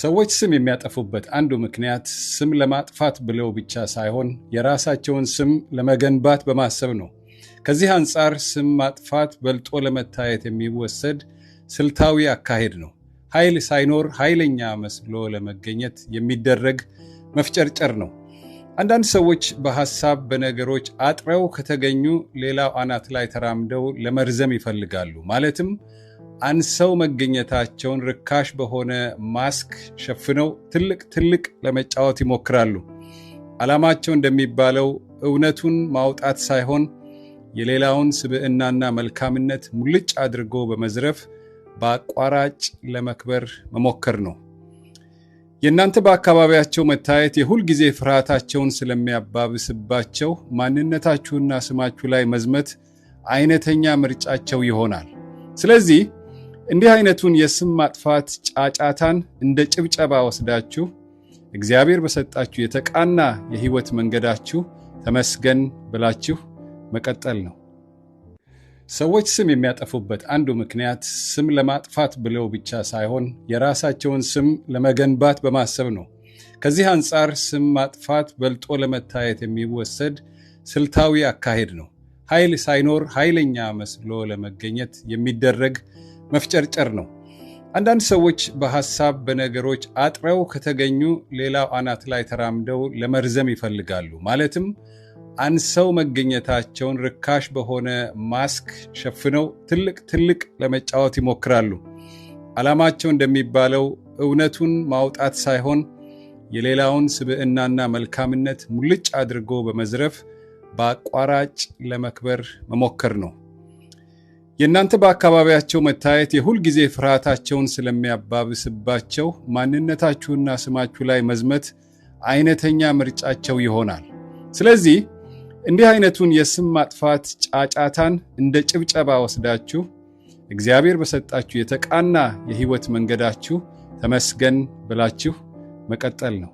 ሰዎች ስም የሚያጠፉበት አንዱ ምክንያት ስም ለማጥፋት ብለው ብቻ ሳይሆን የራሳቸውን ስም ለመገንባት በማሰብ ነው። ከዚህ አንጻር ስም ማጥፋት በልጦ ለመታየት የሚወሰድ ስልታዊ አካሄድ ነው። ኃይል ሳይኖር ኃይለኛ መስሎ ለመገኘት የሚደረግ መፍጨርጨር ነው። አንዳንድ ሰዎች በሐሳብ በነገሮች አጥረው ከተገኙ ሌላው አናት ላይ ተራምደው ለመርዘም ይፈልጋሉ። ማለትም አንሰው መገኘታቸውን ርካሽ በሆነ ማስክ ሸፍነው ትልቅ ትልቅ ለመጫወት ይሞክራሉ። ዓላማቸው እንደሚባለው እውነቱን ማውጣት ሳይሆን የሌላውን ስብዕናና መልካምነት ሙልጭ አድርጎ በመዝረፍ በአቋራጭ ለመክበር መሞከር ነው። የእናንተ በአካባቢያቸው መታየት የሁልጊዜ ፍርሃታቸውን ስለሚያባብስባቸው ማንነታችሁና ስማችሁ ላይ መዝመት አይነተኛ ምርጫቸው ይሆናል። ስለዚህ እንዲህ አይነቱን የስም ማጥፋት ጫጫታን እንደ ጭብጨባ ወስዳችሁ እግዚአብሔር በሰጣችሁ የተቃና የህይወት መንገዳችሁ ተመስገን ብላችሁ መቀጠል ነው። ሰዎች ስም የሚያጠፉበት አንዱ ምክንያት ስም ለማጥፋት ብለው ብቻ ሳይሆን የራሳቸውን ስም ለመገንባት በማሰብ ነው። ከዚህ አንጻር ስም ማጥፋት በልጦ ለመታየት የሚወሰድ ስልታዊ አካሄድ ነው። ኃይል ሳይኖር ኃይለኛ መስሎ ለመገኘት የሚደረግ መፍጨርጨር ነው። አንዳንድ ሰዎች በሀሳብ በነገሮች አጥረው ከተገኙ ሌላው አናት ላይ ተራምደው ለመርዘም ይፈልጋሉ። ማለትም አንሰው መገኘታቸውን ርካሽ በሆነ ማስክ ሸፍነው ትልቅ ትልቅ ለመጫወት ይሞክራሉ። ዓላማቸው እንደሚባለው እውነቱን ማውጣት ሳይሆን የሌላውን ስብዕናና መልካምነት ሙልጭ አድርጎ በመዝረፍ በአቋራጭ ለመክበር መሞከር ነው። የእናንተ በአካባቢያቸው መታየት የሁልጊዜ ፍርሃታቸውን ስለሚያባብስባቸው ማንነታችሁና ስማችሁ ላይ መዝመት አይነተኛ ምርጫቸው ይሆናል። ስለዚህ እንዲህ አይነቱን የስም ማጥፋት ጫጫታን እንደ ጭብጨባ ወስዳችሁ እግዚአብሔር በሰጣችሁ የተቃና የሕይወት መንገዳችሁ ተመስገን ብላችሁ መቀጠል ነው።